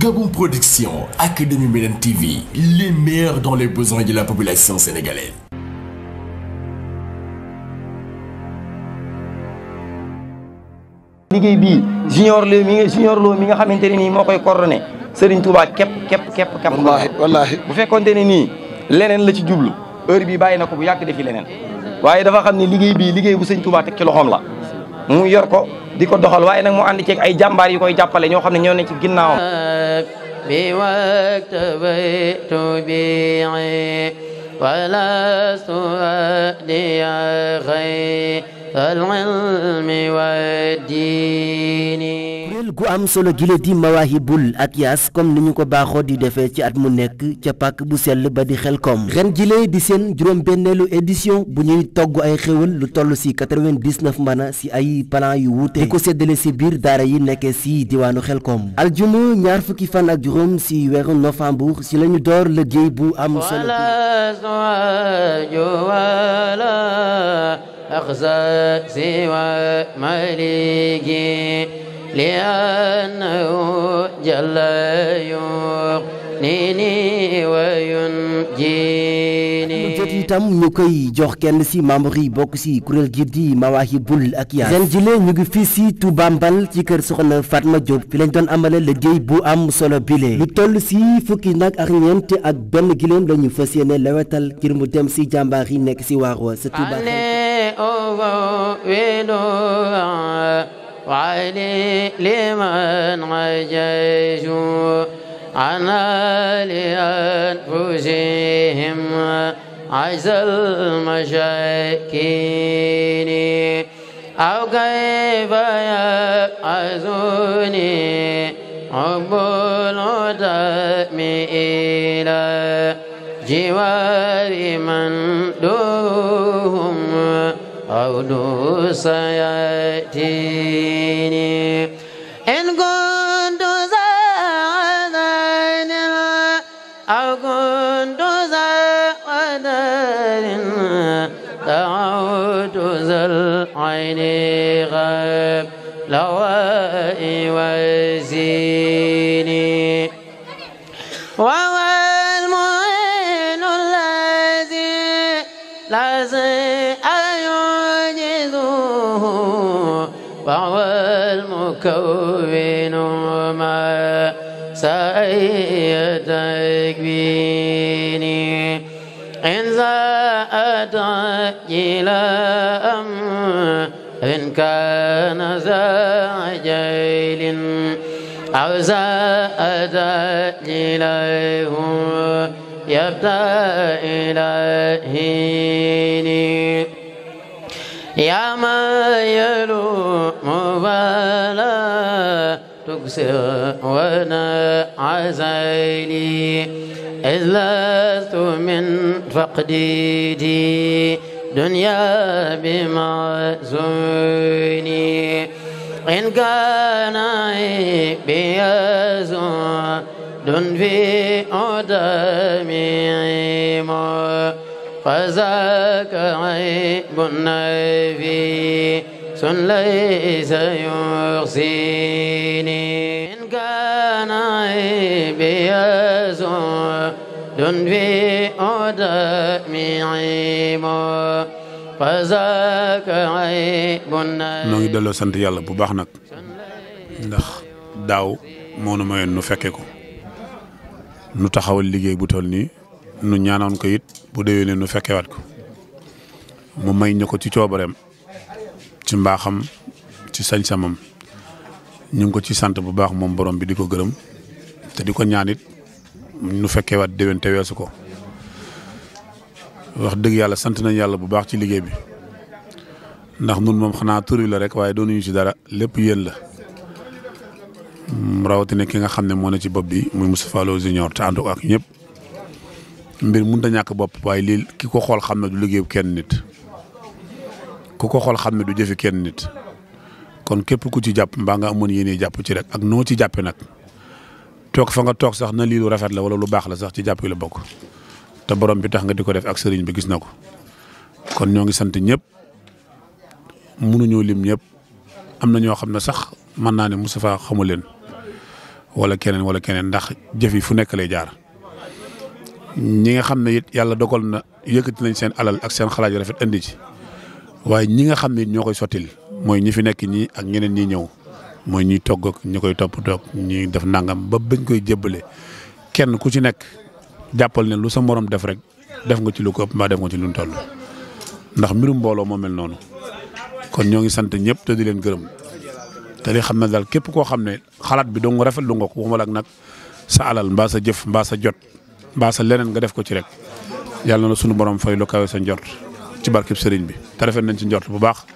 Gabon Production Académie Médène TV les meilleurs dans les besoins de la population sénégalaise. liggéey bii junior loo mi nga junior loo mi nga xamante ne nii moo koy coordonné Serigne kepp képp képp képp képp. wallaahi wallaahi bu fekkonte ne nii leneen la ci jublu heure bii bàyyi na ko bu yàgg defi leneen waaye dafa xam ne liggéey bii liggéey bu Serigne Touba teg ci loxoom la. mu yor ko di ko doxal waaye nag moo ànd ceeg ay jàmbaar yu koy jàppale ñoo xam ne ñoo ne ci ginnaawam bi waktabaytu bii wala suadiya xay العلم والدين gu am solo gile di Mawahibul Akyas comme ni ñu ko baaxoo di defee ci at mu nekk ca pàkk bu sell ba di xel koom ren gile di seen juróom-benneelu édition bu ñuy togg ay xéwal lu toll si 99 mbana si ay plan yu wuute di ko séddale si biir daara yi nekkee si diwaanu xel Xelkom aljuma ñaar fukki fan ak juróom si weeru novembre si la ñu door la géey bu am solo أخزى سوى مليكي لأنه ñu koy jox kenn ci membre yi bokk ci kuréel gi di Mawaahibul Akyaas seen jile ñu ngi fii si Touba ci kër soxna Fatma Diop fi lañ doon amale liggéey bu am solo bile lu toll si fukki nag ak ñeent ak benn giléem la fa fas yéene lewetal ngir mu dem si jàmbaar yi nekk si wa sa Touba ويلوعا وعلي لمن عجيت عنا لأنفسهم عز المشاكين أو كيف يأخذني حب العتم إلى جوار من دون القول سيأتيني إن كنت زعدا أو كنت زعدا دعوت ذا العين غاب لوائي وزير يكون ما سأيتك بني إن زادك إلى أمر كان ذا عجل أو زادك إليه يبتأ إليه يا ما يلوح أبصر وأنا عزيلي إذ لست من فقديدي دنيا بمعزوني إن كان بيزون في أدمي فذاك عيب في sun ليس يخزيني إن كان عيبي زهد في أدمي عيب فذاك عيب noo ngi delloo sant yàlla bu baax nag ndax daaw moo nu mayoon nu fekke ko nu taxawal liggéey bu toll nii nu ñaanoon ko it bu déwénee nu fekkewaat ko mu may ñu ko ci coobareem ci mbaaxam ci sañ-samam ñu ngi ko ci sant bu baax moom boroom bi di ko gërëm te di ko ñaanit nu fekkee waat déwén te weesu ko wax dëgg yàlla sant nañ yàlla bu baax ci liggéey bi ndax nun moom xanaa tur la rek waaye doonuñu ci dara lépp yéen la rawatina ki nga xam ne moo ne ci bopp bi muy Moustapha Lo Junior te ànd ak ñëpp mbir mun a ñàkk bopp waaye lii ki ko xool xam ne du liggéeyu kenn nit. ku ko xool xam ne du jëfi kenn nit kon képp ku ci jàpp mbaa nga amoon yéene jàpp ci rek ak noo ci jàppe nag toog fa nga toog sax na lii rafet la wala lu baax la sax ci jàpp yi bokk te borom bi tax nga di ko def ak sëriñ bi gis na ko kon ñoo ngi sant ñëpp mënuñoo lim ñëpp am na ñoo xam ne sax mën naa ne Moustapha xamu leen wala keneen wala keneen ndax jëf yi fu nekk lay jaar ñi nga xam ne it yàlla dogal na yëkkati nañ seen alal ak seen xalaat rafet indi ci waaye ñi nga xam ne ñoo koy sottil mooy ñi fi nekk ñii ak ñeneen ñi ñëw mooy ñuy togg ak koy topp toog ñi def nangam ba bañ koy jébbale kenn ku ci nekk jàppal ne lu sa morom def rek def nga ci lu ko ëpp mbaa def nga ci lu toll ndax mbirum mbooloo moo mel noonu kon ñoo ngi sant ñëpp te di leen gërëm te xam ne daal képp koo xam ne xalaat bi dong rafetlu nga ko waxumala ak nag sa alal mbaa sa jëf mbaa sa jot mbaa sa leneen nga def ko ci rek yàlla na sunu borom fay lu kawe sa njort. ci barkeb sëriñ bi te nañ ci njort bu baax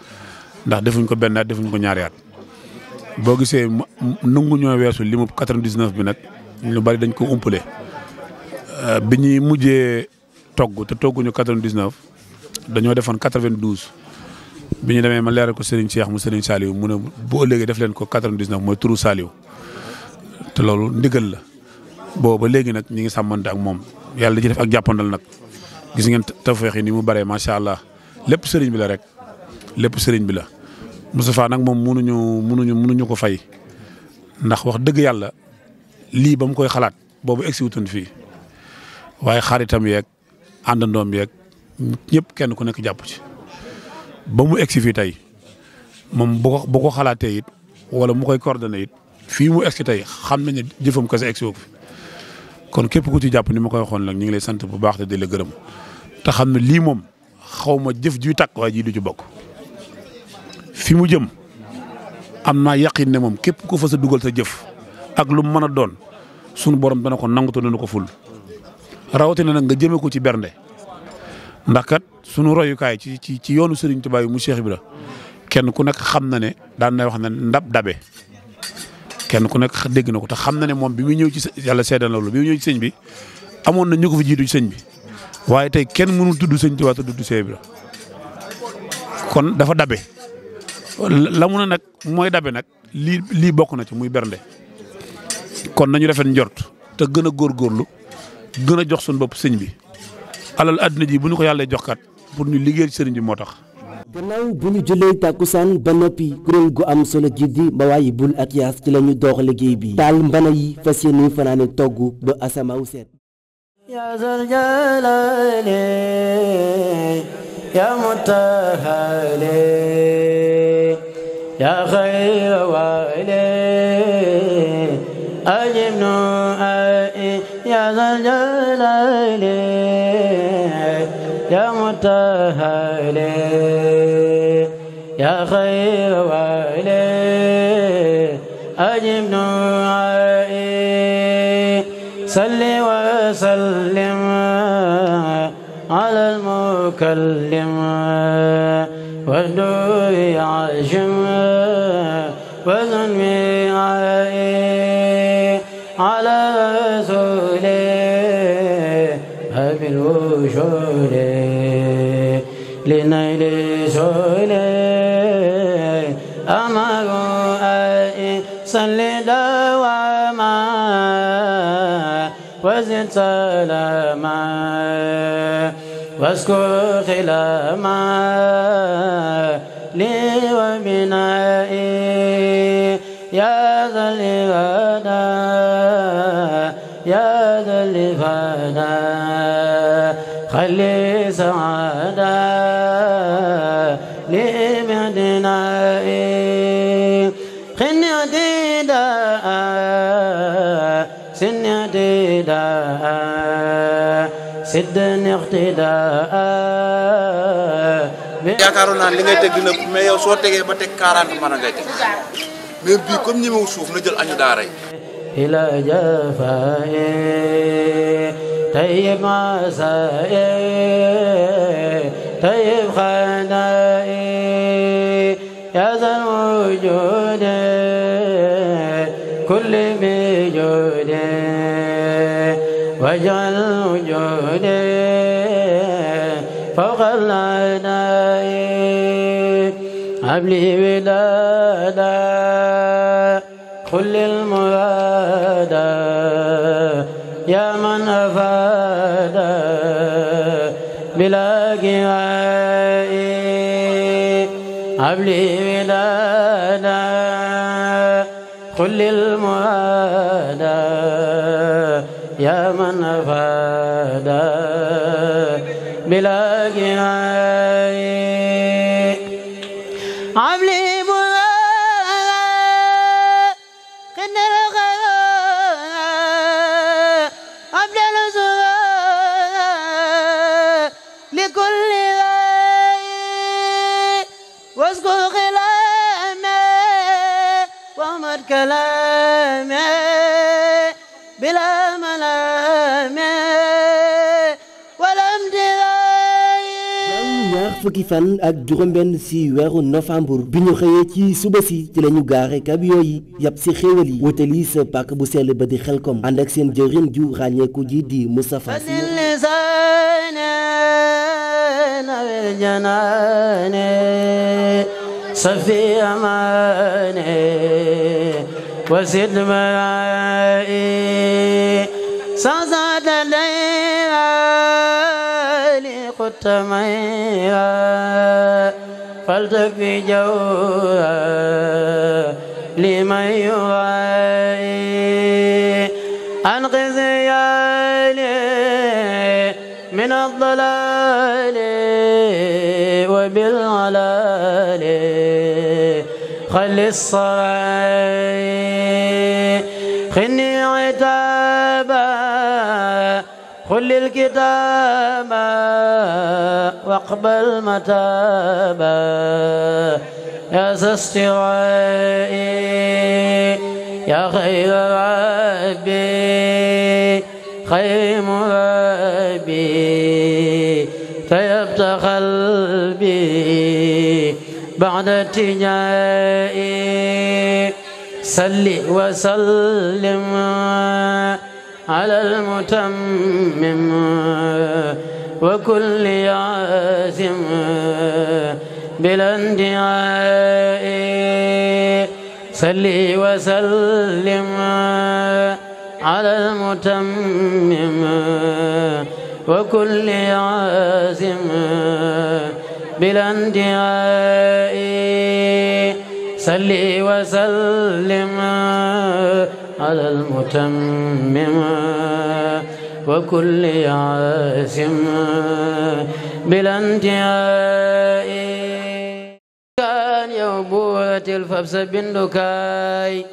ndax defuñ ko benn defuñ ko ñaari boo gisee nangu ñoo weesu limu 99 bi nag lu bari dañ ko umpale euh, bi ñuy mujjee togg te togguñu 99 dañoo defoon 92 bi ñu demee ma leeral ko Serigne Cheikh mu Serigne Saliou mu ne bu ëllëgee def leen ko 99 mooy turu Saliou te loolu ndigal la booba léegi nag ñi ngi sàmmante ak moom yàlla da ci def ak jàppandal nag gis ngeen tawféex yi ni mu bare macha allah lépp sëriñ bi la rek lépp sëriñ bi la. Moustapha nag moom mënuñu mënuñu mënuñu ko fay ndax wax dëgg yàlla lii ba mu koy xalaat boobu egsi wutoon fii waaye xaritam yeeg àndandoom yeeg ñëpp kenn ku nekk jàpp ci ba mu egsi fii tey moom bu ko bu ko xalaatee it wala mu koy coordonné it fii mu egsi tey xam nañ ne jëfam kese egsi woo fi kon képp ku ci jàpp ni ma koy waxoon nag ñu ngi lay bu baax te di la gërëm te xam ne lii moom xaw ma jëf jiw takk waaye jii du ci bokk fi mu jëm am na yaqin ne moom képp ku fa sa dugal sa jëf ak lu mën a doon sunu borom dana ko nangu te dana ko ful rawatina nag nga jëmee ko ci bernde ndax kat sunu royukaay ci ci ci yoonu Serigne ti yi mu bi Ibra kenn ku nekk xam na ne daan na wax ne ndab dabe kenn ku nekk dégg na ko te xam na ne moom bi muy ñëw ci yàlla seedal loolu bi muy ci sëñ bi amoon na ñu ko fi jiitu ci bi waaye tey kenn mënul tudd sëñ Tuubaa tudd sëñ bi la kon dafa dabe la mu ne nag mooy dabe nag lii lii bokk na ci muy bernde kon nañu rafet njort te gën a góorgóorlu gën a jox suñu bopp sëñ bi alal adduna ji bu ñu ko yàlla jox kat pour ñu liggéeyal sëriñ bi moo tax. gannaaw bu ñu jëlee tàkkusaan ba noppi kuréel gu am solo ji di Mawaayi bul ak ci la ñu liggéey bi taal mbana yi fas yéene fanaane togg ba asamaaw seet yaa zal jalaali yaa mutahali yaa يا خير وإليه أجب دعائي صل وسلم على المكلم والدعي عجم وذنبي عائي على رسوله أبي الوجود لنيل سؤله سلاما واسكن خلاما لي وبنائي يا ذا الغنى يا ذا الفنى خلي سعادة اقتداء سدني اقتداء yaakaaroon naa li ngay teg dina mais yow soo tegee ba teg 40 mën a ngay teg mais bii comme ñëwul suuf na jël añu daara yi ila jafaa'i tayyib masaa'i tayyib xanaa'i yaa zal wujudi kulli واجعل وجودي فوق العناء عبلي ودادا قل للمرادا يا من أفاد بلا قراء عبلي ودادا يا من أفاد بلا جهاد fukki fan ak juróom-benn si weeru novembre bi ñu xëyee ci suba si ci la ñu gaare camion yàpp si xéewal yi wutali sa pàkk bu sell ba di Xelkom ànd ak seen jëwrin ju ràññeeku ji di Moustapha Sy تميها فلتك في جوها لمن يغاي أنقذ يالي من الضلال وبالعلال خلي الصلاة الكتابا واقبل متابا يا ذا استواء يا خير ربي خير ربي طيبت قلبي بعد اتجائي صل وسلم على المتمم وكل عازم بلا اندعاء صلي وسلم على المتمم وكل عازم بلا اندعاء صلي وسلم على المتمم وكل عاسم بلا انتهاء كان يوبوة الفبس بندكاي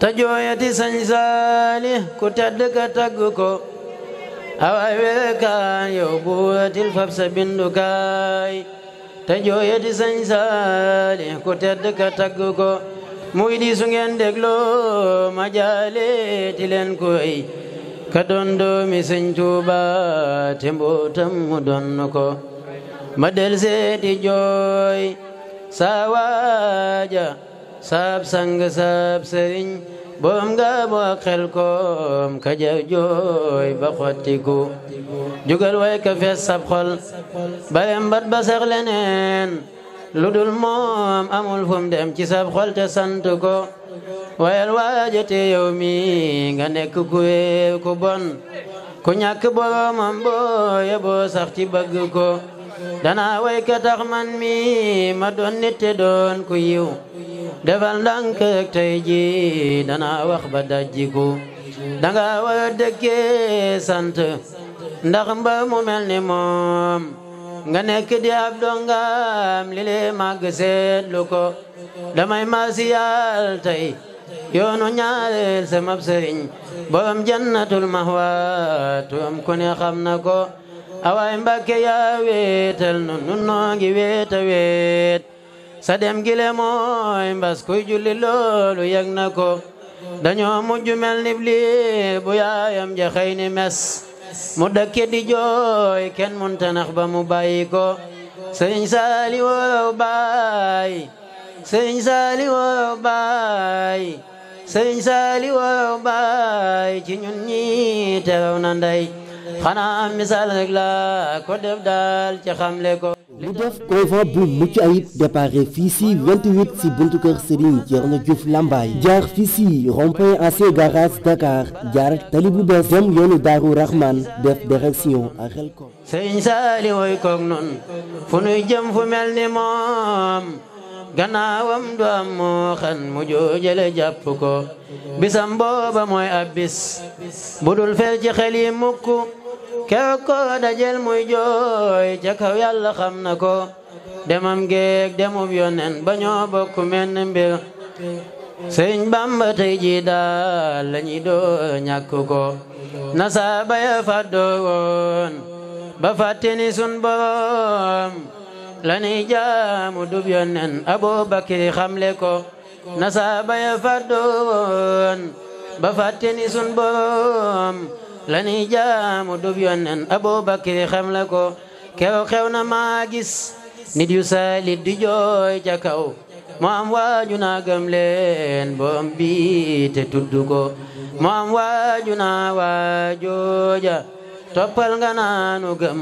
تجوية سنزاله كتدك تقكو أو كان يوبوة الفبس بندكاي تجوية سنزاله كتدك تقكو muy di su ngeen dégloo ma jaaleeti leen koy ka doon Sëñ Tuuba te mbootam mu doon ko ma del seeti jooy sa waaja saab sang saab sëriñ boom nga boo xel koom ka ja jooy ba xottiku jugal way ka fees sab xol barem bat ba sax lu dul moom amul fum dem ci sab xol te sant ko wayal waajate yow mi nga nekk ku weew ku bon ku ñàkk boromam boo yeboo sax ci bëgg ko danaa way ka tax man mi ma doon nit te doon ku yiw defal ndànk rek tey ji danaa wax ba dajjiku danga war a dëkkee sant ndax mba mu mel ni moom nga nekk di ab dongam li le màgg seetlu ko damay maasiyal tey yoonu ñaareel sama sëriñ borom jannatul mahwa turam ku ne xam na ko awaay Mbàkke yaa weetal nun nun ngi weet a weet sa dem gi le mooy mbas kuy julli loolu yëg na ko dañoo mujj mel ni bli yaayam ja xëy mes mu dëkke di kenn munta nax ba mu bàyyi ko sëñ saali woo baay sëñ saali woo baay sëñ saali woo baay ci ñun ñi teew na ndey xanaa misaal rek la ko def daal ci xamle ko. mu def convoi bu mucc ayib déparé fii si 28 si buntu kër Serigne Thierno Diouf Lambaye jaar fii si rond-point ancien garage Dakar jaar tali bu bees dem yoonu Daaru Rahman def direction ak Xelkom. Serigne Saliou woy koog noonu fu nuy jëm fu mel ni moom. gannaawam du am moo xan mu joojale jàpp ko bisam booba mooy ab bis bu dul fel ci xel yi mukk kew ko dajel muy ca kaw yàlla xam na ko demam géeg demub yonen ba ñoo bokk menn mbir bamba tey ji daal la ñuy ñàkk ko nasaaba ya fàddoo woon ba fàttini sun borom lanuy jaamu dub yonen abubakir xamle ko nasaaba ya faddoon ba fàtteni sun borom lanuy jaamu dub yonen abubakir xamle ko kew xew na maa gis nit yu saalit di jooy ca kaw mu waaju naa gëm leen borom bi te tudd ko mu am waaju naa toppal nga naanu gëm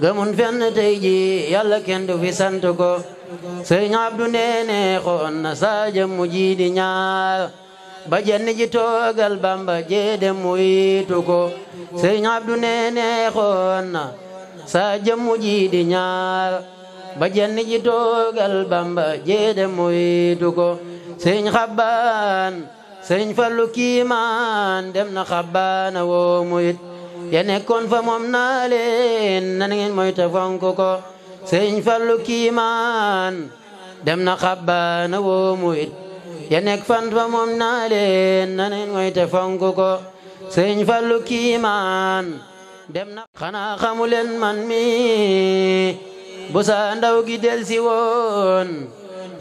gëmun fenn tey ji yàlla kenn du fi sant ko sëriñ Abdu na saaja mu ji di ñaar ba jenn ji toogal bamba jee dem mu wiitu ko sëriñ Abdu na saaja mu ji di ñaar ba jenn ji toogal bamba jee dem mu wiitu ko sëriñ xabbaan sëriñ fallu kiimaan dem na xabbaana woo mu ya nekkoon fa moom naa na ngeen mooy ta fonk ko sëñ Fallu kiimaan dem na xabbaana woomu it ya nekk fan fa moom naa na ngeen mooy ta fonk ko sëñ Fallu kiimaan dem na xanaa xamu man mi bu sa ndaw gi delsi woon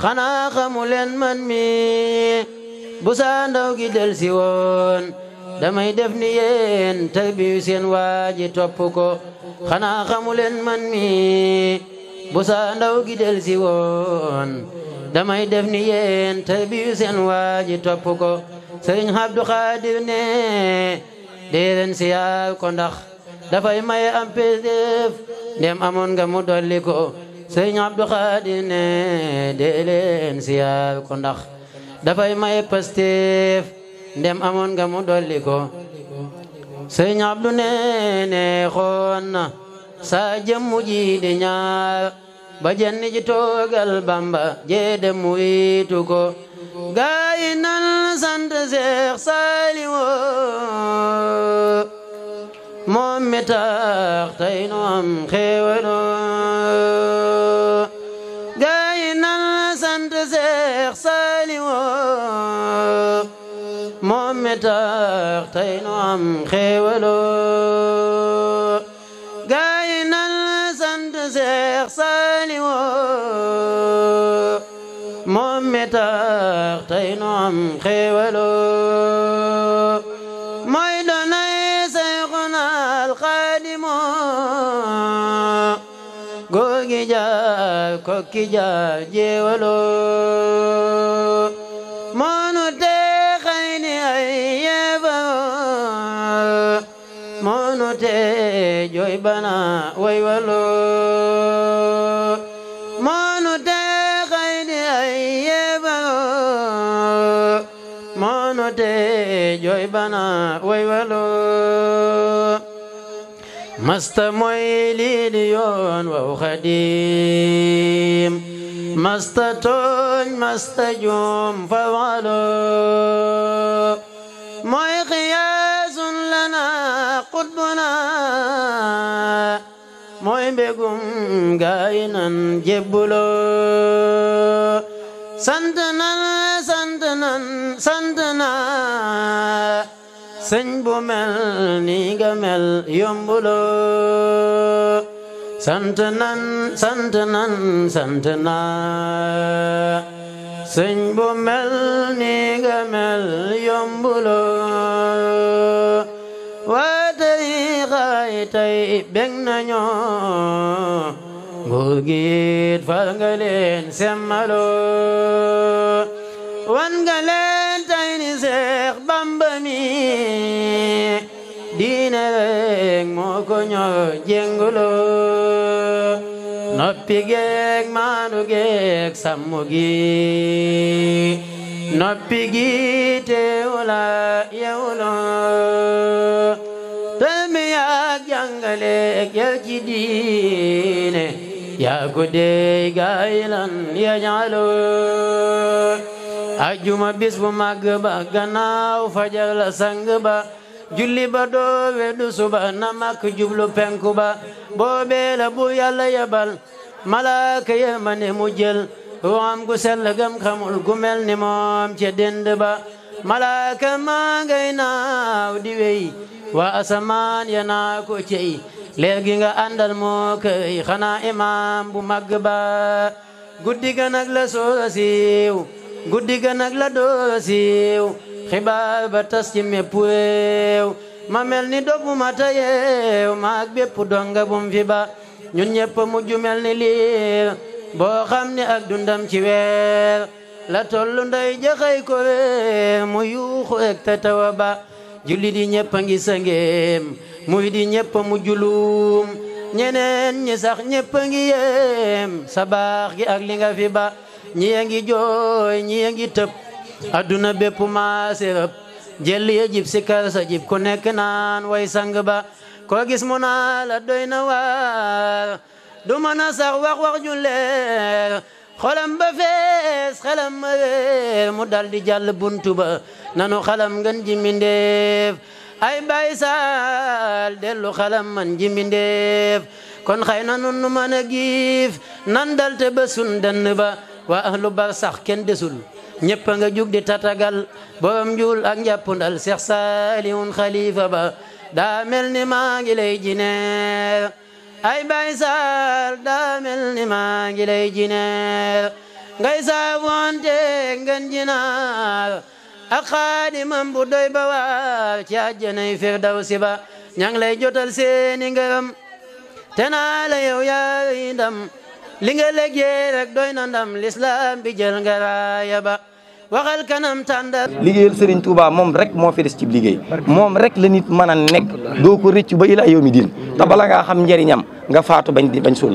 xanaa xamu leen bu sa ndaw gi delsi woon damay def ni yéen tey bi seen waaji topp ko xanaa xamuleen man mi bu sa ndaw gi del si woon damay def ni yéen tey bi seen waaji topp ko sëriñ Abdu Xaadir ne siyaar ko ndax dafay maye am peseef ndem amoon nga mu dolli ko sëriñ Abdu Xaadir ne siyaar ko ndax dafay maye pasteef ndem amoon nga mu dolli ko sëriñ Abdu neene xoon na saa jëmm ji di ba jenn toogal Bamba jee dem wiitu ko gaay nan sant Seex Saaliwu moom mi tax tey nu am xéewaloo tax tey nu am xéewaloo gaay nan sant Seex Saaliwu moom mi tax tey nu am xéewaloo mooy doonay Seexuna Alxaadimu góor gi jaar kokki jaar jéewaloo way waloo masta mooy lii di yoon waw masta tooñ masta juum fa waloo mooy xiyaasun lana qutbuna mooy mbégum gaayi nan jébbuloo sant sëñ bu mel ni nga mel yombuloo sant nan sant bu mel ni nga mel yombuloo waa tey xaay tey bég nañoo nguur gi it fal leen semmaloo wan ñoo jéngulu noppi geeg maanu geeg sàmmu gi noppi gi teewula yewlu tami yaag jàngale yel ci diine yaa ko dey gaayilan ya ñaalu ajuma bis bu màgg ba gannaaw fajar la sang ba julli ba doo weddu suba na mak jublu penku ba boobee la bu yàlla yebal malaaka ye ma ne mu jël ruwaam gu sell gam xamul gu ni moom ca dend ba malaaka maa ngay naaw di wey waa asamaan ya cey leer gi nga àndal moo kay xanaa imaam bu màgg ba guddi ga la soo guddi ga la doo xibaar ba tas ci mépp réew ma mel ni doguma ta yeew maag bépp donga bum fi ba ñun ñëpp mujj mel ni liir boo xam ni ak dundam ci weer la tollu nday jaxay ko réer mu yuuxu ek ta ba julli di ñëpp a ngi sangeem muy di ñëpp mujj luum ñeneen ñi sax ñëpp a ngi yeem sa gi ak li fi ba ñi a jooy ñi a tëb adduna bépp maase ëpp jël ya jib sikar sa jib ku nekk naan way sang ba koo gis mu naa la doy na waar du mën a sax wax wax ju leer xolam ba fees xelam ma réer mu dal jàll buntu ba nanu xalam ngën ji ay bay saal dellu xalam man ji kon xëy na nun nu mën a giif nan dal te ba sun dann ba waa ahlu bar sax kenn desul ñëpp nga jug di tatagal borom juul ak njàppundal Seex Saalihun xalifa ba daa ni maa ngi lay jineer ay bay saal ni maa ngi lay jineer ngay saafonte ngën jinaar ak xaadimam bu doy ba waar ci àjjanay firdawsi ba ñang lay jotal seeni ngërëm te naa la yow ndam li nga liggéey rek doy na ndam lislaam bi nga raaya ba waxal kanam tàndar liggéeyal Serigne Touba moom rek moo fi des ci liggéey moom rek la nit mën a nekk doo ko rëccu ba ilaa yawmi diin te bala ngaa xam njëriñam nga faatu bañ di bañ suul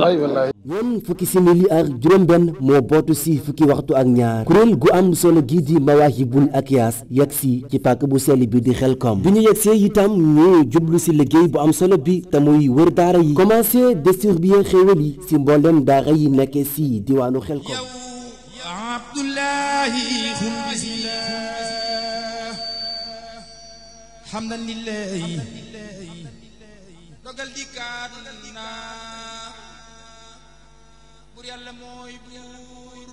ñoom fukki simili ak juróom-benn moo bootu si fukki waxtu ak ñaar kuréel gu am solo gii di Mawahibul Akyas yegg si ci pàkk bu sell bi di xel Xelkom bi ñu yegg itam ñu jublu si liggéey bu am solo bi te muy wër daara yi commencé distribuer xéewal yi ci mboolem daara yi nekk si diwaanu Xelkom Abdullahi xundisilaa xamdan lillahi dogal di kaat naa buur yàlla mooy buur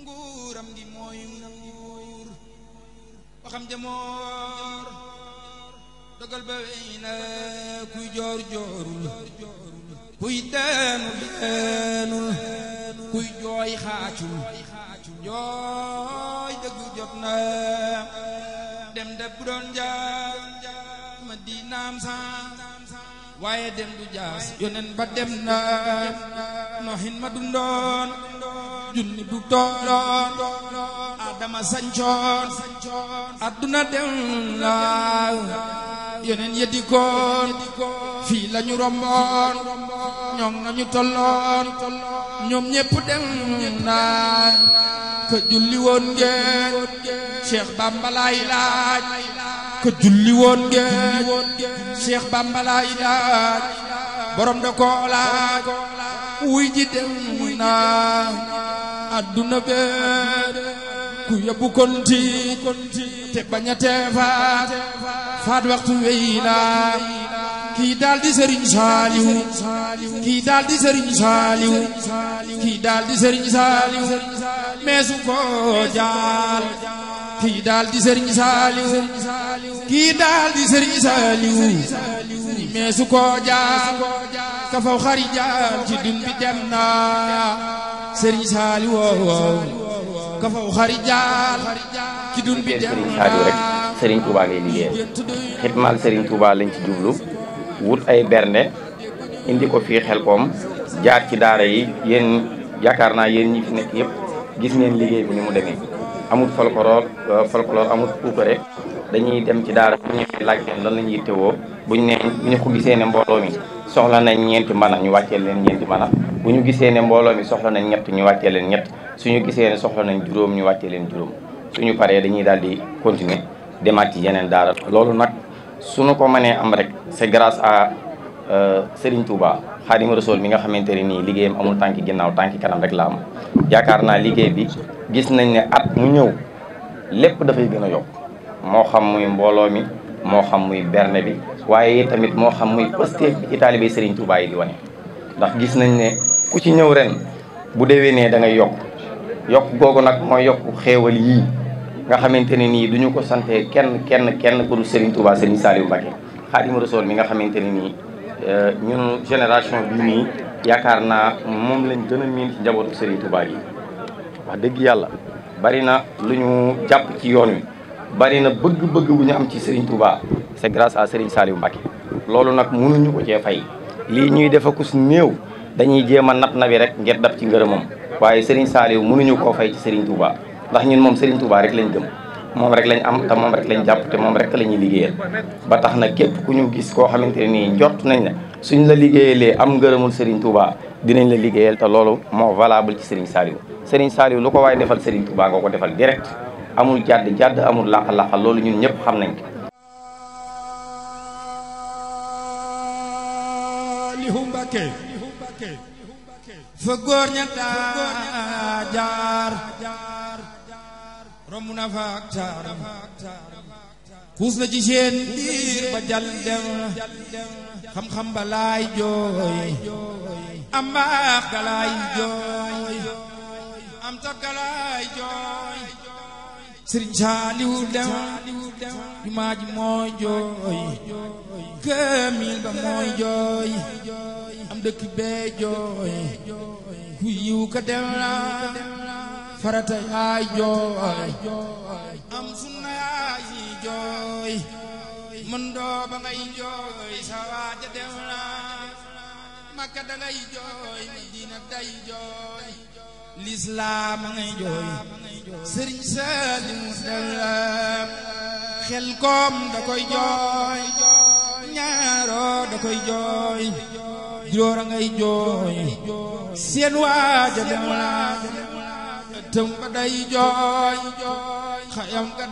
nguuram di mooy nguur waxam jamoor dogal ba wey na kuy joor joorul kuy daanu daanul kuy jooy xaacul jooy dëgg jot na dem de bu doon jaar ma di naam san waaye dem du jaas yonen ba dem na noxin ma dundoon junni bu tooroon adama sancoon adduna dem la yeneen yedikoon fii la romboon ñoom nañu tolloon ñoom ñépp dem na ka julli woon ngeen laaj ka julli woon ngeen Cheikh laaj borom da ko wuy ji dem na adduna bee ku yóbbu konti te bañ a tee faat faat waxtu wey laa kii daal di sëriñ saaliw kii daal di sëriñ saaliw kii daal di meesu ko kii daal di sëriñ saaliw kii daal di sëriñ saaliw meesu koo jaam ka faw ci dun bi dem naa sëriñ saaliw woow ka ci dun bi dem naa rek sëriñ Touba ngay liggéeyal xitmaal sëriñ Touba lañ ci jublu wut ay bernde indi ko fi xel koom jaar ci daara yi yéen yaakaar naa yen ñi fi nekk yëpp gis ngeen liggéey bi nu mu demee amul folklore euh, folklore amul puukare dañuy dem ci daara bu laaj lan la ñuy bu ñu nee ñu ko gisee ne mbooloo mi soxla nañ ñeenti mana ñu wàccee leen ñeenti mana bu ñu gisee ne mbooloo mi soxla nañ ñett ñu wàccee leen ñett suñu gisee ne soxla nañ juróom ñu wàccee leen juróom suñu paree dañuy daal di continuer demaat ci yeneen daara loolu nag suñu ko mënee am rek c'est grâce à euh, Serigne Touba Xaadimu Rasuul mi nga xamante ne nii liggéeyam amul tànki ginnaaw tànki kanam rek la am yaakaar naa liggéey bi gis nañ ne at mu ñëw lépp dafay gën a yokk moo xam muy mbooloo mi moo xam muy berne bi waaye tamit moo xam muy pasteef bi ci taalibe Serigne Touba yi di wane ndax gis nañ ne ku ci ñëw ren bu déwénee da ngay yokk yokk googu nag mooy yokk xéewal yii nga xamante ne nii du ñu ko sante kenn kenn kenn ku dul sëriñ Touba Serigne Saliou Mbacké Xaadimu Rasuul mi nga xamante ni nii euh, ñun génération bi nii yaakaar naa moom lañ gën a miin ci njabootu Serigne yi wax dëgg yàlla bari na lu ñu jàpp ci yoon wi bari na bëgg-bëgg bu ñu am ci Serigne Touba c'est grâce à Serigne Saliou Mbacké loolu nag mënuñu ko cee fay lii ñuy defa si néew dañuy jéem a nat na bi rek ngir dab ci ngërëmam waaye Serigne Saliou mënuñu koo fay ci Serigne Touba ndax ñun moom Serigne Touba rek lañ gëm moom rek lañ am te moom rek lañ jàpp te moom rek la ñuy liggéeyal ba tax na képp ku ñu gis koo xamante ne nii jot nañ ne suñ la liggéeyalee am ngërëmul Serigne Touba dinañ la liggéeyal te loolu moo valable ci sëriñ Saliou Serigne Saliou lu ko waaye defal Serigne Touba nga ko defal direct amul jàdd jàdd amul làq-làq loolu ñun ñëpp xam nañ ko fa romb na fa ak taaram xuus na ci seen diir ba jal dem xam-xam ba jooy am baax ga jooy am tag ga laay jooy sëriñ saaliwu dem jumaa ji mooy jooy këmil ba mooy jooy am dëkk bee jooy ku yiw ka dem farata yaay jooy am sunna yaay jooy mën ba ngay jooy sa waaja dem na makka da ngay jooy madina day jooy lislaam ngay jooy sëriñ Salimu Dalaam xel da koy jooy ñaaroo da koy jooy juróor ngay jooy seen waaja dem na sëtam ba day jooy xayam nga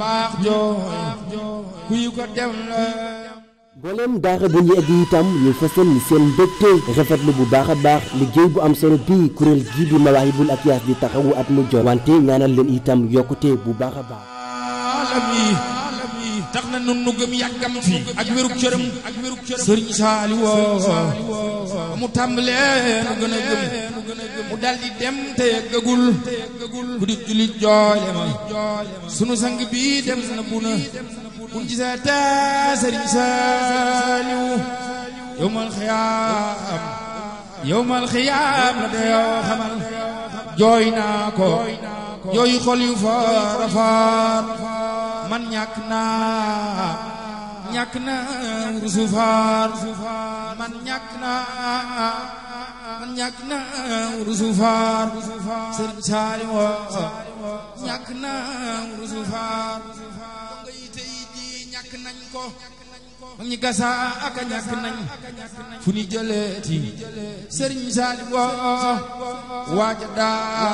baax jooy bu ñu egg itam ñu fësal ni seen mbégte rafetlu bu baax a baax liggéey bu am solo bii kuréel gii di Mawahibou Akyas di taxawu at mu jot wante ñaanal leen itam yokkute bu baax a baax tax na nun nu gëm yàggam ak wérug cërëm sëriñ Saali woo mu tàmbalee nu gën a gëm mu daldi dem te yëggagul ku di jullit joole ma sunu sang bi dem na bu na buñ ci sa taa sëriñ Saaliw yowmal xiyaam yowmal xiyaam la dayoo xamal jooy naa ko jooy xol yu faar faar man ñàkk naa ñàkk na rusufaar man ñàkk na man ñàkk na rusufaar sëriñ saali woo ñàkk na rusufaar nga yite yi di ñàkk nañ ko mag ñi gasa ak a ñàkk nañ fu ñu jëleeti sëriñ saali woo waaja daa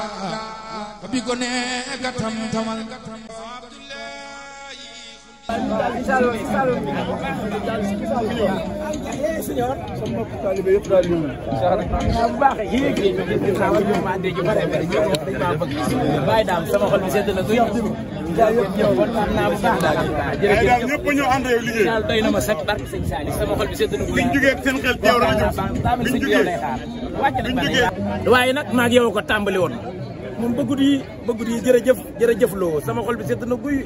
ba bi ko nee ka tam tamal sëñor sama mbokk taalibe yëpp daal ñëw bu baax yéeg naa ma ñëw ma àndee ji bare bare ñëw dañ maa bëgg bàyyi daam sama xol bi sedd na du yox daal yëpp ñëw kontaan naa bu baax daal jërëjëf ñëpp ñëw ànd yow liggéey daal doy na ma sax barke sëñ Saliou sama xol bi sedd na bu ñu jugee ak seen xel teew na ñu biñ jugee waaye nag maag yow ko tàmbali woon moom bëggut yi bëggut yi jërëjëf jërëjëf loo sama xol bi sedd na guy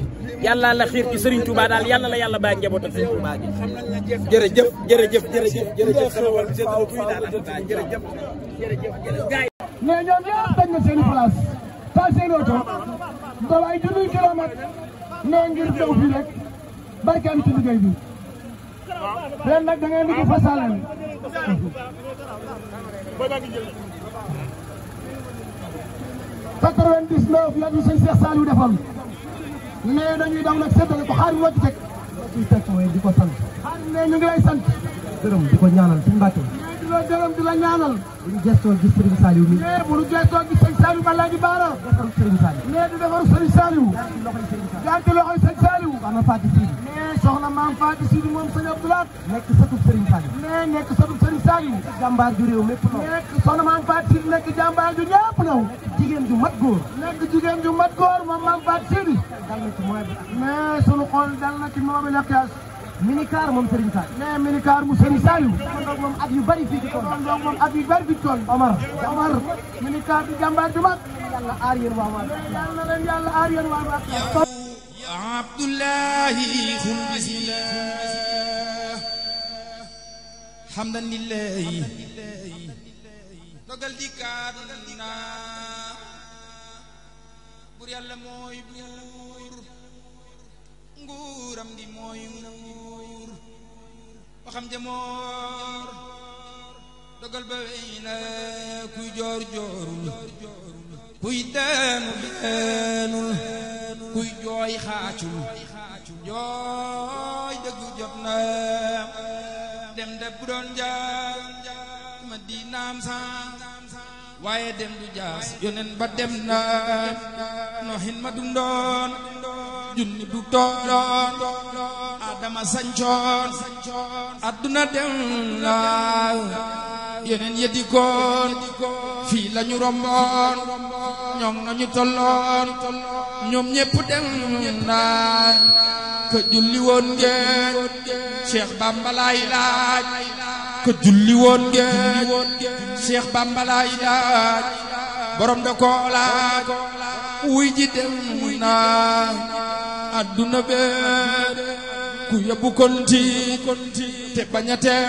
yàlla la xiir ci Serigne Touba daal yàlla la yàlla bàyyi njabootam Serigne Touba gi jërëjëf jërëjëf jërëjëf jërëjëf sama xol bi sedd na guy daal jërëjëf jërëjëf mais ñoom ñëpp dañ na seen place pas seen oto daw ay junniy kilomètre mais ngir taw fii rek barke am ci liggéey bi ren nag da ngeen di ko fasalal 99 yan yu sëñ Cheikh Saliou defoon nee na ñuy daw nag séddale ko xaar moo ci teg. ci teg di ko sant. xaar ne ñu ngi lay sant. gërëm di ko ñaanal suñu mbàkke. di la gërëm di la ñaanal. bu ñu gëstoo gis Serigne Saliou mi. nee bu ñu gëstoo gis Serigne Saliou balaa ñu baara. jaante loxoy sëñ Saliou soxna Fatou Sidi mais soxna maam Fatou Sidi moom sëñ Abdoulaye nekk satub Serigne Saliou mais nekk satub Serigne Saliou jàmbaar ju réew mépp law nekk soxna maam Fatou Sidi nekk jàmbaar ju ñëpp law nekk jigéen ju mat góor nekk jigéen ju mat góor moom maam Fatou Sidi dal na ci mooy mais sunu xol dal na ci moomi lakkaas minicar moom Serigne Saliou mais minicar mu Serigne Saliou ndoog moom at yu bari fii ci tool ndoog moom at yu bari fii ci tool Omar Omar minicar di jàmbaar ju mat yàlla aar yéen waa Mbacké yàlla na leen yàlla aar yéen waa Mbacké abdullahi xul bismillah xamdan lillahi dogal dikkaat na bur yàlla mooy buur nguuram di mooy nguur waxam ja moor dogal ba wey na kuy joor joorul kuy daanu daanul kuy jooy xaacul jooy dëggu jot na dem de bu doon jaar ma di naam sans waaye dem du jaas yonen ba dem na noxin ma dum doon junni bu toodoon adama sancoon adduna dem yeneen yedikoon fii la romboon ñoom nañu tolloon ñoom ñépp dem ka julli woon ngeen Cheikh Bamba laaj ka julli woon ngeen Cheikh Bamba laaj borom da ko laaj wuy ji dem naa adduna bee ku yóbbu konti te bañ a tee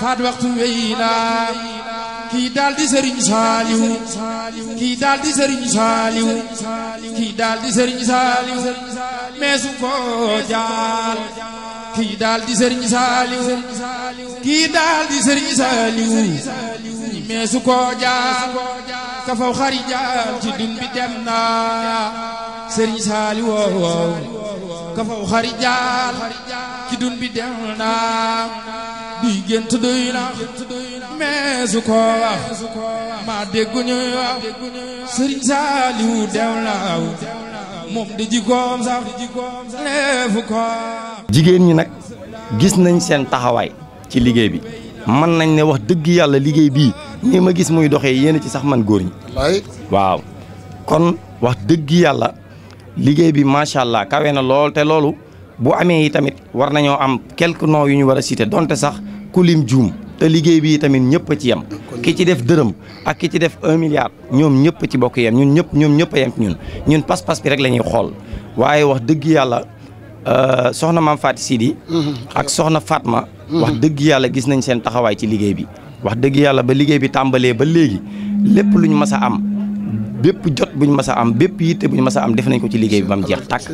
faat waxtu wey laa kii daal di sëriñ saaliw kii daal di sëriñ saaliw kii daal meesu ko kii daal di sëriñ saaliw kii daal di sëriñ saaliw meesu koo jaar kafaw xari jaar ci dun bi dem naa sëriñ saali woow woow kafaw xari jaar ci dun bi dem naa di gént doy na meesu koo wax maa déggu ñuy wax sëriñ saali wu dem naaw moom di jikoom sax leefu ko jigéen ñi nag gis nañ seen taxawaay ci liggéey bi man nañ ne wax dëgg yàlla liggéey bii nii ma gis muy doxe yéen ci sax man góor ñi waaw kon wax dëgg yàlla liggéey bi macha allah kawe na lool te loolu bu amee yi tamit war nañoo am quelques noms yu ñu war a cité donte sax ku juum te liggéey bi tamit ñëpp ci yem ki ci def dërëm ak ki ci def un milliard ñoom ñëpp ci bokk yem ñun ñëpp ñoom ñëpp a yem ñun ñun pas-pas bi rek la ñuy xool waaye wax dëgg yàlla euh, soxna maam Fatou Sidi mhm. ak soxna Fatma Mm-hmm. wax dëgg yàlla gis nañ seen taxawaay ci liggéey bi wax dëgg yàlla ba liggéey bi tàmbalee ba léegi lépp luñ mas a am bépp jot buñ mas a am bépp yitte ñu mas a am def nañ ko ci liggéey bi ba mu jeex tàkk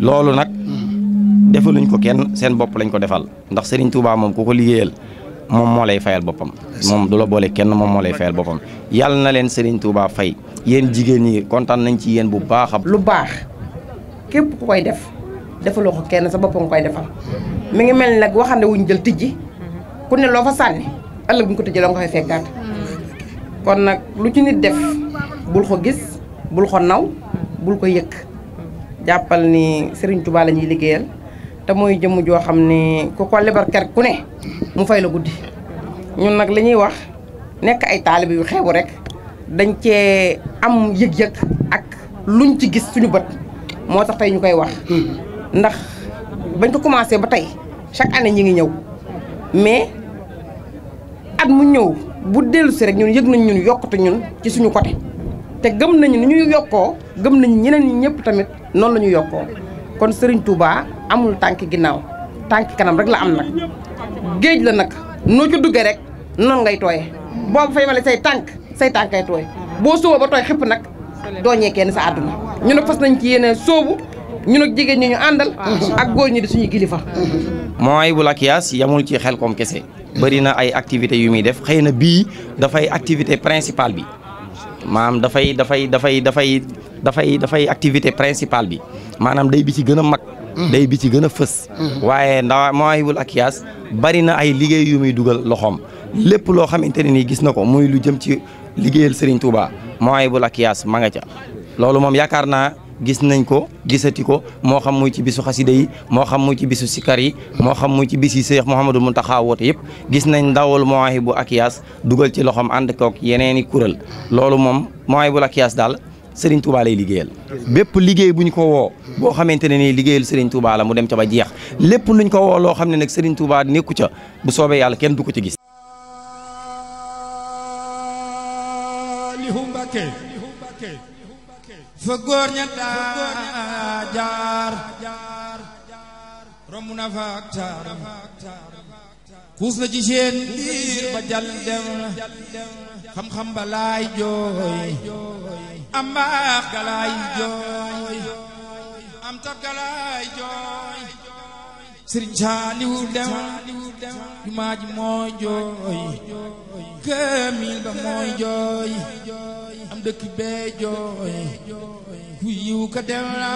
loolu nag mm-hmm. defaluñ ko kenn seen bopp lañ ko defal ndax Serigne Touba moom ku ko liggéeyal moom moo lay fayal boppam moom du la boole kenn moom moo lay fayal boppam yàlla na leen Serigne Touba fay yéen jigéen ñi kontaan nañ ci yéen bu baax a lu baax képp ku mi ngi mel nag waxande wuñ jël tijji ku ne loo fa sànni ëllëg bu ñu ko tijji la nga koy fekkaat kon nag lu ci nit def bul ko gis bul ko naw bul ko yëkk jàppal ni sëriñ Touba la ñuy liggéeyal te mooy jëmm joo xam ne ku ko lebar ku ne mu fay la guddi ñun nag li ñuy wax nekk ay taalibe yu xeebu rek dañ cee am yëg-yëg ak luñ ci gis suñu bët moo tax tey ñu koy wax ndax bañ ko commencé ba tey chaque année ñi ngi ñëw mais at mu ñëw bu dellu si rek ñun yëg nañ ñun yokkute ñun ci suñu côté te gëm nañu ni ñuy yokkoo gëm nañu ñeneen ñi ñëpp tamit noonu la ñu yokkoo kon Serigne Touba amul tànk ginnaaw tànk kanam rek la am nag géej la nag noo ci duggee rek noonu ngay tooyee boo fa yemale say tànk say tànk tooy boo sóoboo ba tooy xëpp nag doo ñee kenn sa àdduna ñu ne fas nañ ci yéene sóobu ñun ak jigéen ñi ñu àndal. ak góor ñi di suñu kilifa. Mawahibou Akyas yamul ci koom kese. bëri na ay activités yu muy def xëy na bii dafay activité principale bi maanaam dafay dafay dafay dafay dafay dafay activité principale bi maanaam day bi ci gën a mag. day bi ci gën a fës. waaye ndaw Mawahibou Akyas bari na ay liggéey yu muy dugal loxoom lépp loo xamante ne nii gis na ko muy lu jëm ci liggéeyal Serigne Touba Mawahibou Akyas ma nga ca loolu moom yaakaar naa. gis nañ ko gisati ko moo xam muy ci bisu xasida yi moo xam muy ci bisu sikar yi moo xam muy ci bisi Seex Mouhamadou Mountakha woote yëpp gis nañ ndawal Mawahibou Akyaas dugal ci loxoom ànd koog yeneeni kuréel loolu moom Mawahibou Akyaas daal Serigne Touba lay liggéeyal bépp liggéey bu ñu ko woo boo xamante ne nii liggéeyal Serigne Touba la mu dem ca ba jeex lépp luñ ko woo loo xam ne nag Serigne Touba nekku ca bu soobee yàlla kenn du ko ci gis. fa góor ña daa jaar romb na fa ak taar na ci seen biir ba jàll dem xam-xam ba jooy am mbaax ga jooy am tab ga jooy sëriñ Saaliwu dem jumaa ji mooy jooy kaamil ba mooy jooy am dëkk bee jooy ku yiw ka dem la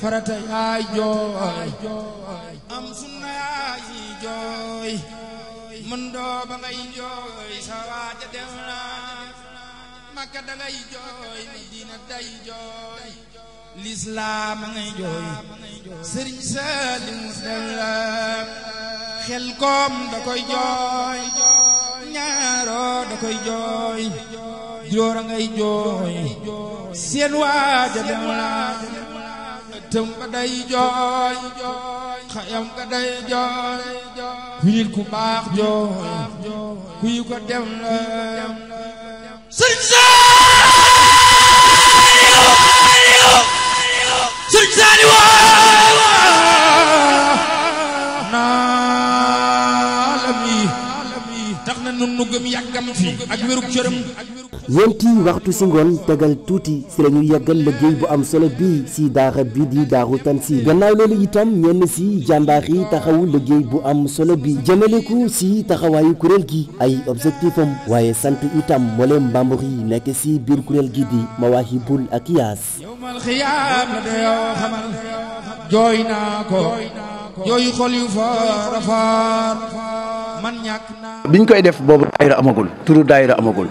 farata yaay jooy am sunna yaay jooy mën doo ba ngay jooy sa waaja dem la makka da ngay jooy Madina day jooy lislaam a ngay jooy sëriñ Saalimu Dalaam xel koom da koy jooy ñaaroo da koy jooy joor a ngay jooy seen waaja dem la tëm ba day jooy xayam ga day jooy ku nit ku baax jooy kuy ko dem la sëriñ nu ñeenti waxtu ci ngoon tegal tuuti si la ñuy yeggal bu am solo bi si daara bii di daaru tansi gannaaw loolu itam ñenn si jàmbaar yi taxawu liggéey bu am solo bi jëmale ci si taxawaayu kuréel gi ay objectif waaye sant itam mbooleem mbàmbur yi nekk ci biir kuréel gi di Mawahibul Akyaas. jooy naa ko biñ koy def boobu daayira amagul turu daayira amagul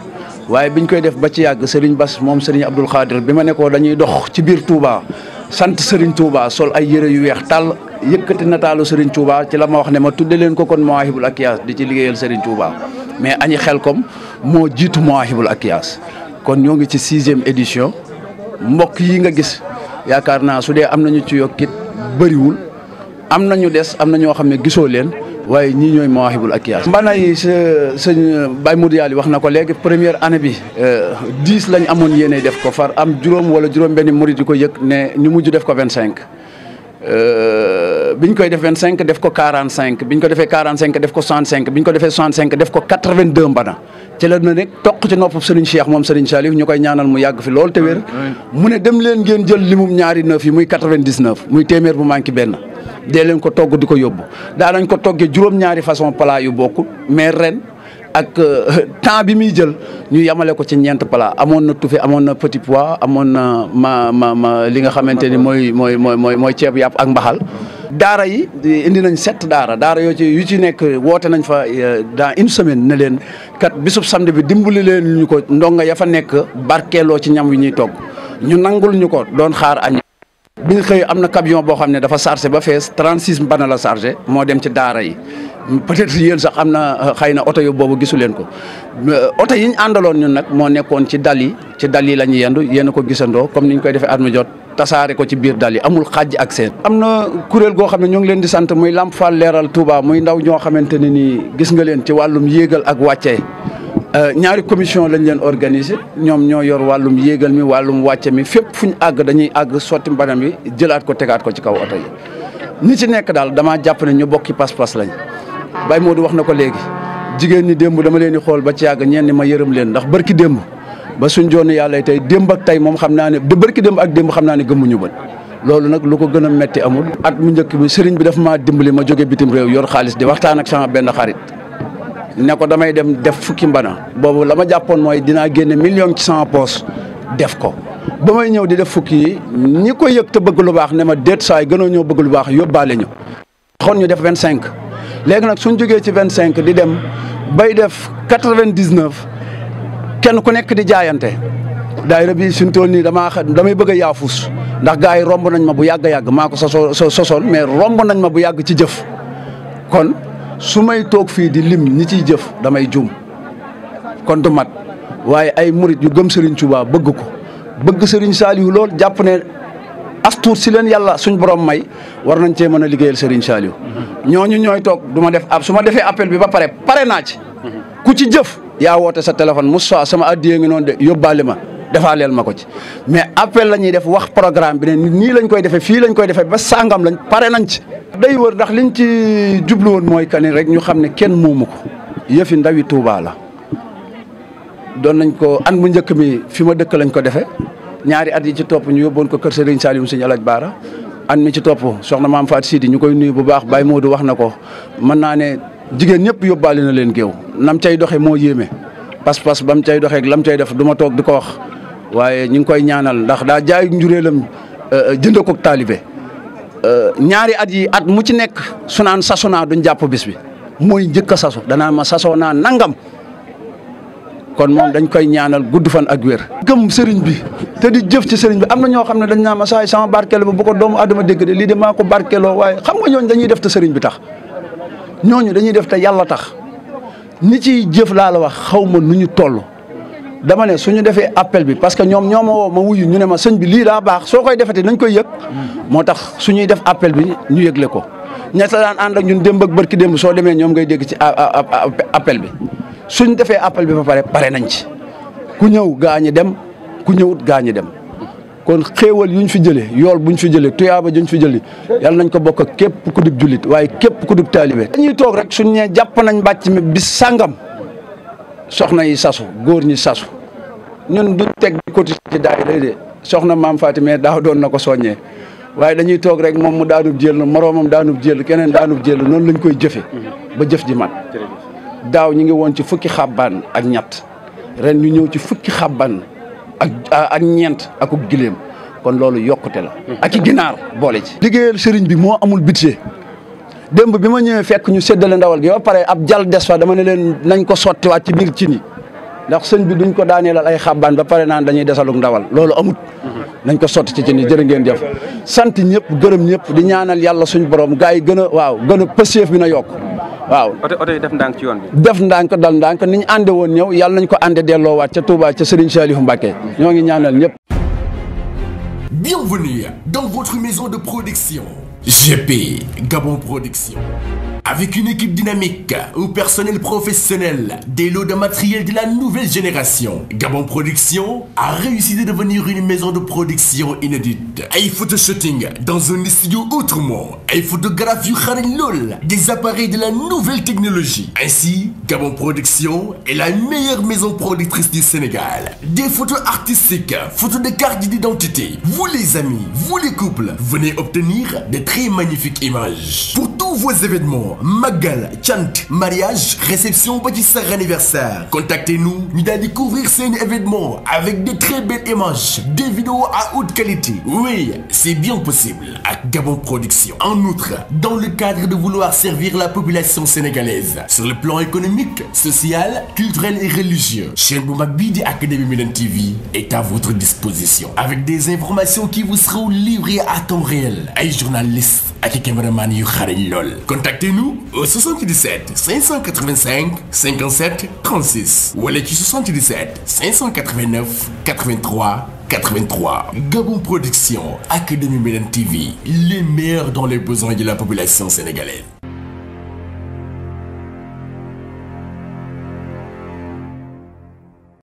waaye biñ koy def ba ci yàgg Serigne bas moom Serigne Abdoul Khadir bi ma ne dañuy dox ci biir Touba sant Serigne Touba sol ay yëre yu weex tàll yëkkati nataalu Serigne Touba ci la ma wax ne ma tuddee leen ko kon Mawahibou Akyaas di ci liggéeyal Serigne Touba mais añi xel Xelkom moo jiitu Mawahibou Akyaas kon ñoo ngi ci sixième édition mbokk yi nga gis yaakaar naa su dee am nañu ci yokkit bëriwul am nañu des am na ñoo xam ne gisoo leen waaye ñii ñooy Mawahibou Akyas mbaana yi sa sëñ Baye Modou Yali wax na ko léegi première année bi euh, dix lañ amoon yéene def ko far am juróom wala juróom benn murid yi ko yëg ne ñu mujj def ko vingt cinq euh, biñ koy def vingt cinq def ko quarante cinq biñ ko defee quarante cinq def ko soixante cinq biñ ko defee soixante cinq def ko quatre vingt deux mbana ci la na nekk toq ci nopp Serigne Cheikh moom Serigne Salif ñu koy ñaanal mu yàgg fi lool te wér mu ne dem leen ngeen jël limum ñaari neuf yi muy quatre vingt dix neuf bu manqué benn dee leen ko togg di ko yóbbu daanañ ko toggee juróom-ñaari façon plat yu bokkut mais ren ak euh, temps bi muy jël ñu yemale ko ci ñeent plat amoon na tufe amoon na petit pois amoon na ma ma ma li nga xamante ni mooy mooy mooy mooy ceeb yàpp ak mbaxal daara yi indi nañ sept daara daara yoo ci yu ci nekk woote nañ fa euh, dans une semaine ne leen kat bisub samedi bi dimbali leen ñu ko ndonga ya fa nekk barkeeloo ci ñam wi ñuy togg ñu nangul ñu ko doon xaar añ bi ñu xëy am na camion boo xam ne dafa chargé ba fees 36 mbana la chargé moo dem ci daara yi peut-être yéen sax am na euh, xëy na oto yu boobu gisu leen ko euh, oto yi ñu àndaloon ñun nag moo nekkoon ci dal yi ci dal yi la ñu yendu yéen ko gisandoo comme ni ñu koy defee at mu jot tasaare ko ci biir dal yi amul xaj ak seen. am na kuréel goo xam ne ñoo ngi leen di sant muy Lamp Fall leeral muy ndaw ñoo xamante ne nii gis nga leen ci wàllum yéegal ak wàccee. Euh, ñaari commission lañ leen organiser ñoom ñoo yor wàllum yéegal mi wàllum wàcce mi fépp fu ñu àgg dañuy àgg sotti mbanam bi jëlaat ko tegaat ko ci kaw oto yi ñi ci nekk daal damaa jàpp ne ñu bokki pas-pas lañ Baye Modou wax na ko léegi jigéen ñi démb dama leen di xool ba ci yàgg ñeen ni ma yërëm leen ndax barki démb ba suñ joon yàlla tey démb ak tey moom xam naa ne de barki démb ak démb xam naa ne gëmmuñu bët loolu nag lu ko gën a metti amul at mu njëkk bi sëriñ bi daf maa dimbali ma jóge bitim réew yor xaalis di waxtaan ak sama benn xarit ne ko damay dem def fukki mbana boobu la ma jàppoon mooy dinaa génne million ci sama pos def ko ba may ñëw di def fukki yi ñi ko yëg te bëgg lu baax ne ma déet saay gënoo ñëw bëgg lu baax yóbbaale ñu xon ñu def vingt cinq léegi nag suñ jógee ci vingt cinq di dem bay def quatre vingt kenn ku nekk di jaayante daayira bi suñ tool nii damaa xa damay bëgg a yaafus ndax gars yi romb nañ ma bu yàgg a yàgg maa ko sosoon mais romb nañ ma bu yàgg ci jëf kon su may toog fii di lim ñi ciy jëf damay juum kon du mat waaye ay murit yu gëm Serigne Touba bëgg ko bëgg Serigne Saliou lool jàpp ne astuut si leen yàlla suñ borom may war nañ cee mën a liggéeyal Serigne Saliou ñooñu ñooy toog du ma def ab su ma defee appel bi ba pare pare naa ci ku ci jëf yaa woote sa téléphone Moussa sama addiya ngi noonu de yóbbaale ma defaaleel ma ko ci mais appel la ñuy def wax programme bi ne nii lañ koy defee fii lañ koy defee ba sàngam lañ pare nañ ci. day wër ndax liñ ci jublu mooy que ni rek ñu xam ne kenn moomu ko yëfi ndawi Touba la doon nañ ko an bu njëkk mi fi ma dëkk lañ ko defee ñaari at yi ci topp ñu yóbboon ko kër Serigne Saliou Serigne Alaj Baara an mi ci topp soxna maam Fatou Sidi ñu koy nuyu bu baax baay moo Modou wax na ko mën naa ne jigéen ñëpp yóbbaale na leen géew nam cay doxee moo yéeme pas-pas ba mu cay doxee ak lam cay def du ma toog di ko wax. waaye ñu ngi koy ñaanal ndax daa jaay njureelam euh, euh, jënd ko taalibe euh, ñaari at yi at mu ci nekk su naan saso naa bis bi mooy njëkk a saso danaa ma sasoo nangam kon moom dañ koy ñaanal gudd fan ak wér. gëm sëriñ bi te di jëf ci sëriñ bi am na ñoo xam ne dañ naa ma saay sama barkeeloo bu ko doomu adama dégg de lii de maa ko barkeeloo waaye xam nga ñooñu dañuy def te sëriñ bi tax ñooñu dañuy def te yàlla tax ni ci jëf laa wax xaw ma nu ñu toll. dama ne ñu defee appel bi parce que ñoom ñoo ma woo ma wuyu ñu ne ma sañ bi lii daa baax soo koy defete nañ koy yëg moo tax su ñuy def appel bi ñu yëgle ko ñett la daan ànd ak ñun démb ak bërki démb soo demee ñoom ngay dégg ci appel bi suñ defee appel bi ba pare pare nañ ci ku ñëw gaa ñi dem ku ñëwut gaa ñi dem kon xéewal yuñ fi jëlee yool buñ fi jëlee tuyaaba juñ fi jëlee yàlla nañ ko bokk ak képp ku dib jullit waaye képp ku dib taalibe dañuy toog rek suñ nee jàpp nañ bàcc mi bis sàngam soxna yi sasu góor ñi sasu ñun du teg di cotiser ci daayira de soxna maam Fatima daaw doon na ko soññee waaye dañuy toog rek moom mu daanub jël moroomam daanub jël keneen daanub jël noonu lañ koy jëfe mm-hmm. ba jëf ji mat daaw ñu ngi woon ci fukki xabban ak ñett ren ñu ñëw ci fukki xabban ak ak ñeent aku giléem kon loolu yokkute la mm-hmm. ak i ginaar boole ci liggéeyal sëriñ bi moo amul budget démb bi ma ñëwee fekk ñu séddale ndawal gi ba pare ab jal des fa dama ne leen nañ ko sottiwaat ci biir ci ni ndax sëñ bi duñ ko daaneelal ay xabbaan ba pare naan dañuy desalug ndawal loolu amut nañ ko sotti ci ci ni jërë ngeen jëf sant ñëpp gërëm ñëpp di ñaanal yàlla suñ borom gars yi gën a waaw gën a pëseef bi na yokk waaw oto yi def ndànk yoon def ndànk dal ndànk ni ñu ànde woon ñëw yàlla nañ ko ànde delloowaat ca Touba ca Serigne Saliou Mbacké ñoo ngi ñaanal ñëpp Bienvenue dans votre maison de production GP Avec une équipe dynamique, un personnel professionnel, des lots de matériel de la nouvelle génération, Gabon Production a réussi de devenir une maison de production inédite. Ay photoshooting dans un studio autrement, ay photographes yu xarañ lool, des appareils de la nouvelle technologie. Ainsi, Gabon Production est la meilleure maison productrice du Sénégal. Des photos artistiques, photos de cartes d'identité. Vous les amis, vous les couples, venez Pour tous événement màggal cant mariage réception ba ci sax anniversaire contactez-nous ñu daal di couvrir seeni événement avec de très belles images des vidéos à haute qualité oui c'est bien possible ak Gabon Production en outre dans le cadre de vouloir servir la population sénégalaise sur le plan économique social culturel et religieux chaîne bu mag bii di Académie Médane TV est à votre disposition avec des informations qui vous seront livrées à temps réel ay journalistes ak i caméraman yu xarañ lool. contactez-nous au 77 585 57 36 wala ci 77 589 83 83 Gabon Production Académie Médine TV les meilleurs dans les besoins de la population sénégalaise.